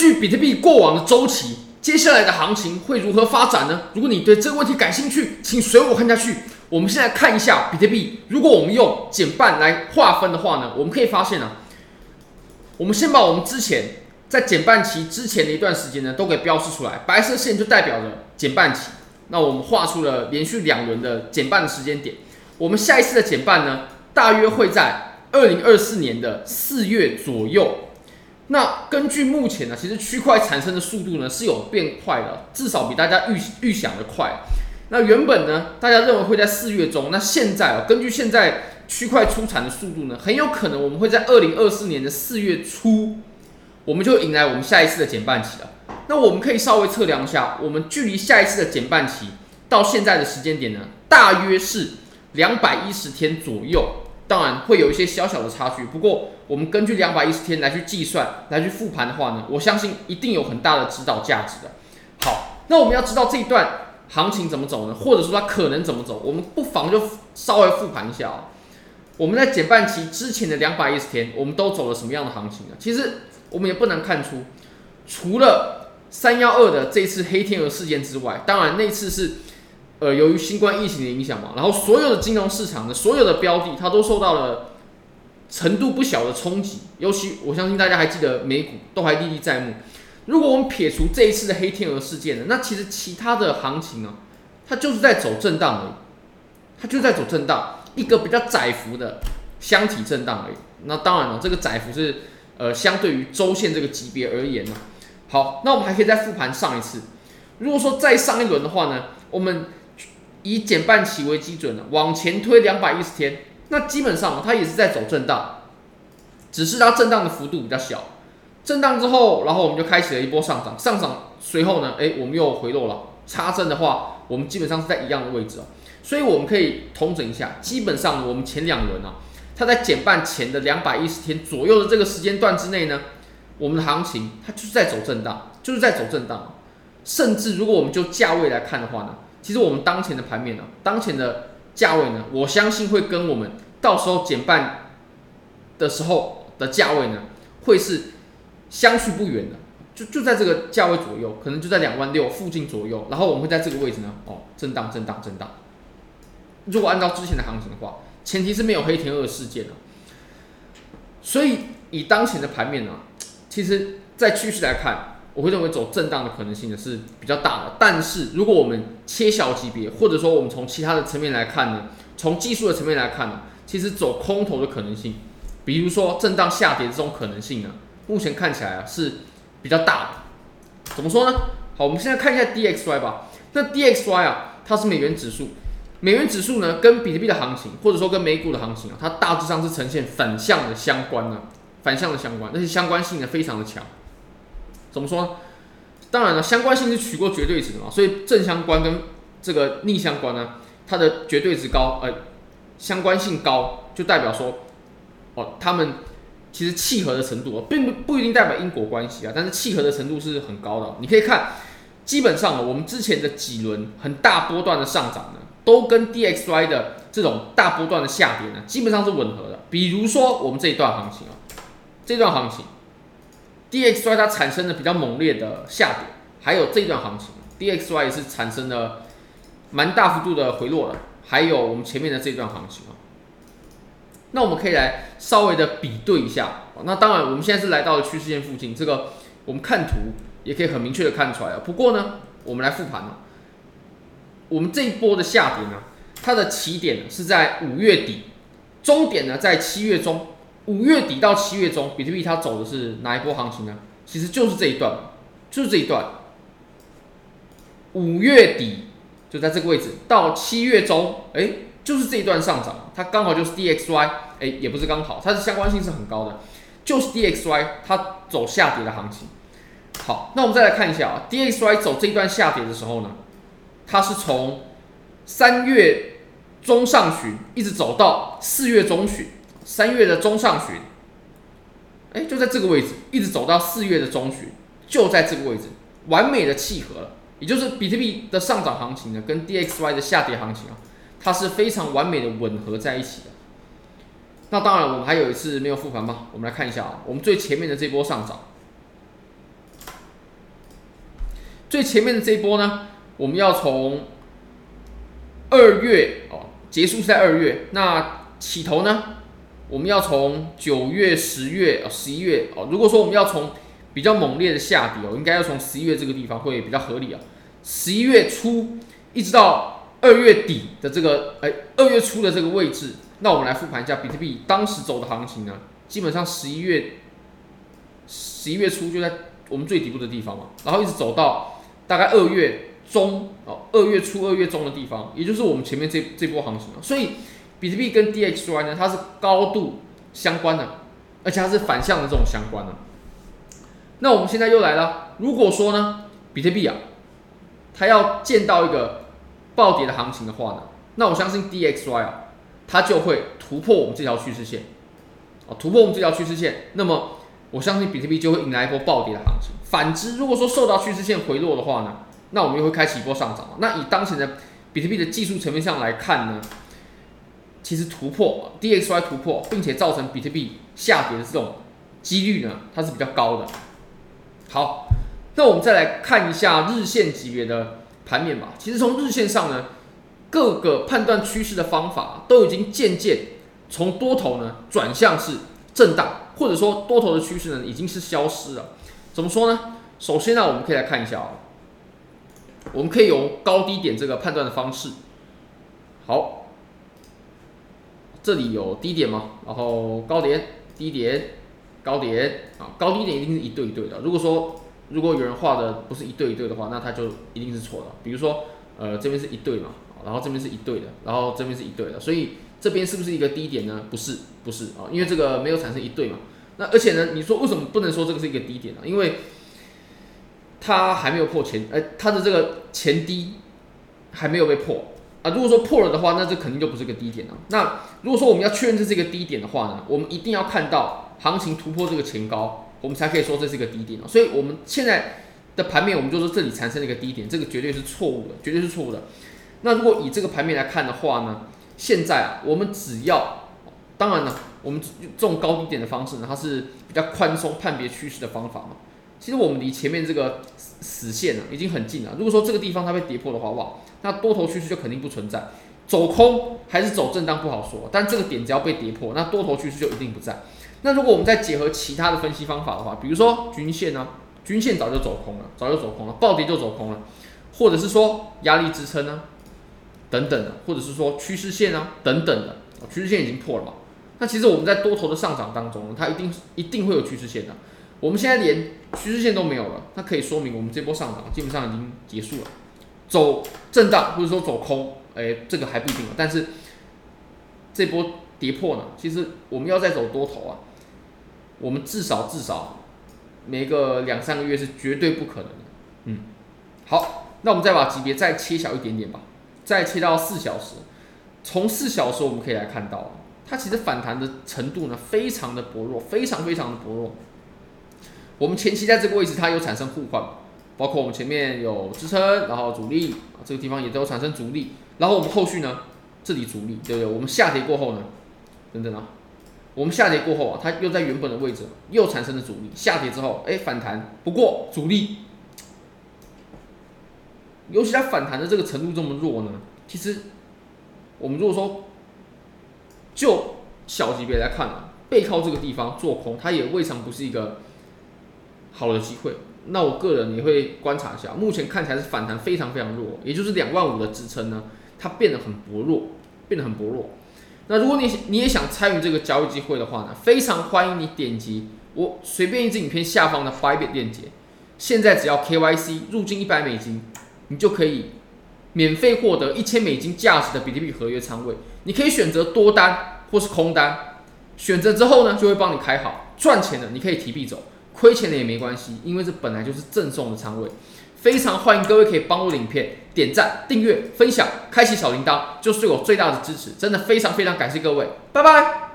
根據比特幣過往的周期，接下來的行情會如何發展呢？如果你對這個問題感興趣，請隨我看下去。我們現在看一下比特幣。如果我們用減半來劃分的話呢，我們可以發現呢、啊，我們先把我們之前在減半期之前的一段時間呢，都給標示出來。白色線就代表了減半期。那我們畫出了連續兩輪的減半的時間點。我們下一次的減半呢，大約會在二零二四年的四月左右。那根據目前呢，其實區塊產生的速度呢是有變快的，至少比大家預預想的快。那原本呢，大家認為會在四月中，那現在啊，根據現在區塊出產的速度呢，很有可能我們會在二零二四年的四月初，我們就迎來我們下一次的減半期了。那我們可以稍微測量一下，我們距離下一次的減半期到現在的時間點呢，大約是兩百一十天左右。當然會有一些小小的差距，不過我們根據兩百一十天來去計算，來去復盤的話呢，我相信一定有很大的指導價值的。好，那我們要知道這一段行情怎麼走呢？或者說它可能怎麼走？我們不妨就稍微復盤一下啊。我們在減半期之前的兩百一十天，我們都走了什麼樣的行情呢？其實我們也不難看出，除了三一二的這次黑天鵝事件之外，當然那次是。呃，由於新冠疫情的影響嘛，然後所有的金融市場呢，所有的標的它都受到了程度不小的衝擊。尤其我相信大家還記得美股都還歷歷在目。如果我們撇除這一次的黑天鵝事件呢，那其實其他的行情啊，它就是在走震盪而已，它就是在走震盪，一個比較窄幅的箱體震盪而已。那當然了，這個窄幅是呃相對於周線這個級別而言嘛。好，那我們還可以再復盤上一次。如果說再上一輪的話呢，我們。以減半期為基準的、啊、往前推兩百一十天，那基本上它也是在走震盪，只是它震盪的幅度比較小。震盪之後，然後我們就開啟了一波上漲，上漲隨後呢，誒，我們又回落了。差震的話，我們基本上是在一樣的位置啊，所以我們可以統整一下，基本上我們前兩輪啊，它在減半前的兩百一十天左右的這個時間段之內呢，我們的行情它就是在走震盪，就是在走震盪，甚至如果我們就價位來看的話呢，其實我們當前的盤面呢、啊，當前的價位呢，我相信會跟我們到時候減半的時候的價位呢，會是相去不遠的，就就在這個價位左右，可能就在兩萬六附近左右。然後我們會在這個位置呢，哦，震蕩、震蕩、震蕩。如果按照之前的行情的話，前提是沒有黑天鵝事件呢、啊。所以以當前的盤面呢、啊，其實，在趨勢來看。我會認為走震盪的可能性呢是比較大的，但是如果我們切小級別，或者說我們從其他的層面來看呢，從技術的層面來看呢，其實走空頭的可能性，比如說震盪下跌這種可能性呢、啊，目前看起來啊是比較大的。怎麼說呢？好，我們現在看一下 DXY 吧。那 DXY 啊，它是美元指數，美元指數呢跟比特幣的行情，或者說跟美股的行情啊，它大致上是呈現反向的相關、啊、反向的相關，而且相關性呢非常的強。怎麼說呢？當然了，相關性是取過絕對值的嘛，所以正相關跟這個逆相關呢，它的絕對值高，呃，相關性高，就代表說，哦，它們其實契合的程度，並不不一定代表因果關係啊，但是契合的程度是很高的哦。你可以看，基本上我們之前的幾輪很大波段的上漲呢，都跟 DXY 的這種大波段的下跌呢，基本上是吻合的。比如說我們這一段行情啊，這段行情。DXY 它產生了比較猛烈的下跌，還有這一段行情，DXY 也是產生了蠻大幅度的回落了，還有我們前面的這段行情啊，那我們可以來稍微的比對一下。那當然我們現在是來到了趨勢線附近，這個我們看圖也可以很明確的看出來啊。不過呢，我們來復盤啊，我們這一波的下跌呢，它的起點是在五月底，終點呢在七月中。五月底到七月中，比特幣它走的是哪一波行情呢？其實就是這一段，就是這一段。五月底就在這個位置，到七月中，誒、欸，就是這一段上漲，它剛好就是 DXY，哎、欸，也不是剛好，它的相關性是很高的，就是 DXY 它走下跌的行情。好，那我們再來看一下啊，DXY 走這一段下跌的時候呢，它是從三月中上旬一直走到四月中旬。三月的中上旬，哎，就在這個位置，一直走到四月的中旬，就在這個位置，完美的契合了。也就是比特幣的上漲行情呢，跟 DXY 的下跌行情啊，它是非常完美的吻合在一起的。那當然，我們還有一次沒有復盤嘛，我們來看一下啊，我們最前面的這波上漲，最前面的這波呢，我們要從二月哦，結束是在二月，那起頭呢？我們要從九月、十月、哦，十一月哦，如果說我們要從比較猛烈的下跌哦，應該要從十一月這個地方會比較合理啊。十一月初一直到二月底的這個，哎，二月初的這個位置，那我們來復盤一下比特幣當時走的行情呢？基本上十一月，十一月初就在我們最底部的地方嘛，然後一直走到大概二月中哦，二月初、二月中的地方，也就是我們前面這這波行情，所以。比特幣跟 DXY 呢，它是高度相關的，而且它是反向的這種相關的。那我們現在又來了，如果說呢，比特幣啊，它要見到一個暴跌的行情的話呢，那我相信 DXY 啊，它就會突破我們這條趨勢線啊，突破我們這條趨勢線。那麼我相信比特幣就會迎來一波暴跌的行情。反之，如果說受到趨勢線回落的話呢，那我們又會開啟一波上漲了。那以當前的比特幣的技術層面上來看呢，其實突破 DXY 突破，並且造成比特幣下跌的這種幾率呢，它是比較高的。好，那我們再來看一下日線級別的盤面吧。其實從日線上呢，各個判斷趨勢的方法都已經漸漸從多頭呢轉向是震盪，或者說多頭的趨勢呢已經是消失了。怎麼說呢？首先呢、啊，我們可以來看一下啊，我們可以用高低點這個判斷的方式。好。這裡有低點嗎？然後高點、低點、高點啊，高低點一定是一對一對的。如果說如果有人畫的不是一對一對的話，那他就一定是錯的。比如說，呃，這邊是一對嘛，然後這邊是一對的，然後這邊是一對的，所以這邊是不是一個低點呢？不是，不是啊，因為這個沒有產生一對嘛。那而且呢，你說為什麼不能說這個是一個低點呢、啊？因為它還沒有破前，哎、呃，它的這個前低還沒有被破。啊，如果說破了的話，那這肯定就不是個低點了啊。那如果說我們要確認這是一個低點的話呢，我們一定要看到行情突破這個前高，我們才可以說這是一個低點啊。所以，我們現在的盤面，我們就說這裡產生了一個低點，這個絕對是錯誤的，絕對是錯誤的。那如果以這個盤面來看的話呢，現在啊，我們只要，當然了，我們這種高低點的方式呢，它是比較寬鬆判別趨勢的方法嘛。其實我們離前面這個死線啊，已經很近了。如果說這個地方它被跌破的話，哇，那多頭趨勢就肯定不存在，走空還是走震盪不好說。但這個點只要被跌破，那多頭趨勢就一定不在。那如果我們再結合其他的分析方法的話，比如說均線啊，均線早就走空了，早就走空了，暴跌就走空了，或者是說壓力支撐啊，等等的，或者是說趨勢線啊，等等的，趨勢線已經破了嘛。那其實我們在多頭的上漲當中，它一定一定會有趨勢線的啊。我們現在連趨勢線都沒有了，那可以說明我們這波上漲基本上已經結束了，走震盪或者說走空，哎，這個還不一定。但是這波跌破呢，其實我們要再走多頭啊，我們至少至少沒個兩三個月是絕對不可能的。嗯，好，那我們再把級別再切小一點點吧，再切到四小時。從四小時我們可以來看到，它其實反彈的程度呢非常的薄弱，非常非常的薄弱。我們前期在這個位置，它有產生互換，包括我們前面有支撐，然後阻力，這個地方也都產生阻力。然後我們後續呢，這裡阻力，對不對？我們下跌過後呢，等等啊，我們下跌過後啊，它又在原本的位置又產生了阻力。下跌之後，哎，反彈，不過阻力，尤其它反彈的這個程度這麼弱呢，其實我們如果說就小級別來看啊，背靠這個地方做空，它也未嘗不是一個。好的機會，那我個人也會觀察一下，目前看起來是反彈非常非常弱，也就是兩萬五的支撐呢，它變得很薄弱，變得很薄弱。那如果你你也想參與這個交易機會的話呢，非常歡迎你點擊我隨便一支影片下方的 BYBIT 鏈接，現在只要 KYC 入金一百美金，你就可以免費獲得一千美金價值的比特幣合約倉位，你可以選擇多單或是空單，選擇之後呢就會幫你開好，賺錢的你可以提幣走。虧錢了也沒關係，因為這本來就是贈送的倉位。非常歡迎各位可以幫我影片點贊、訂閱、分享、開啟小鈴鐺，就是對我最大的支持。真的非常非常感謝各位，拜拜。